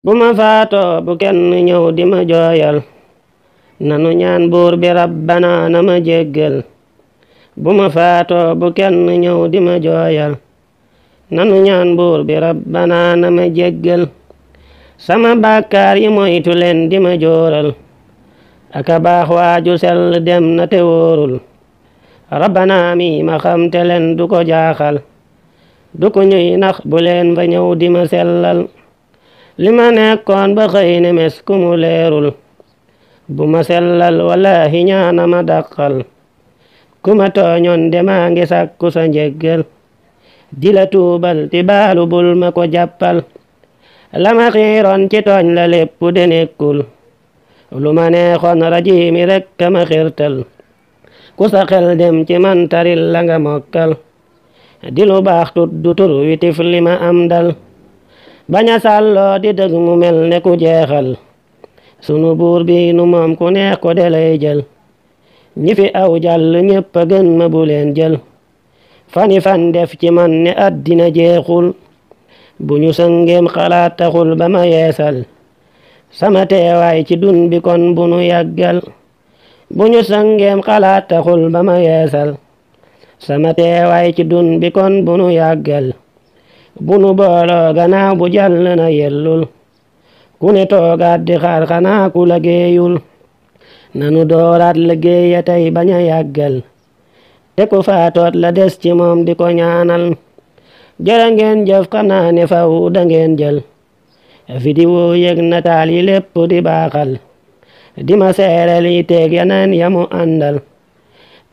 bu ma faatoo bu kenn ñëw di ma jooyal nanu ñaan buur bi rabbana na ma jéggal bu ma faatoo bu kenn ñëw di ma jooyal nanu ñaan buur bi rabbana na ma jéggal sama bàkkaar yi moytu leen di ma jooral aka baax waaju sell dem na te wóorul rabbana mi ma xam te leen du ko jaaxal du ko ñuy nax bu leen fa ñëw di ma sellal lima ma nekkoon ba xëy mes ku mu leerul bu ma sellal wallaahi ñaana ma dàqal ku ma tooñoon de maa ngi sa jeggel di la ti bul ma ko jàppal la ci toñ la lepp de nekkul lu ma rek ka ma xirtal ku sa xel dem ci man taril la nga mokkal di lu baax tut tur witif li am dal bañ a sàlloo di dëgg mu mel ne ku jeexal sunu buur bi nu moom ku neex ko de lay jël ñi fi aw jàll ñépp a gën ma bu leen jël fani fan def ci man ne àddina jeexul bu ñu sëngeem xalaat taxul ba ma yeesal sama teewaay ci dun bi kon bu nu yàggal bu ñu sëngeem xalaat taxul ba ma yeesal sama teewaay ci dun bi kon bu nu yàggal bunu booloo gannaaw bu jàll na yellul ku ne toogaat di xaar xanaa ku liggéeyul nanu dooraat liggéey ya tey bañ a yàggal te ku faatoot la des ci moom di ko ñaanal jërë ngeen jëf xanaa ne faw da ngeen jël vidéo yëg nataal yi lépp di baaxal di ma seereel yi teeg yeneen ya mu àndal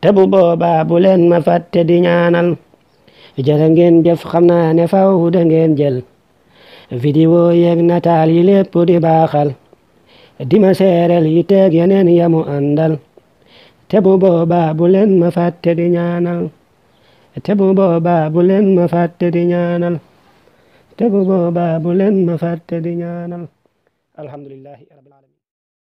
te bu boobaa bu leen ma fàtte di ñaanal jël ngeen jëf xamna ne faw da ngeen jël vidéo yeeg nataal yi lepp di baaxal di ma seereel yi teeg yeneen yamu àndal te bu boobaa bu leen ma fàtte di ñaanal te bu ba bu leen ma fàtte di ñaanal te bu ba bu leen ma fàtte di ñaanal alhamdulillahi rabbil alamin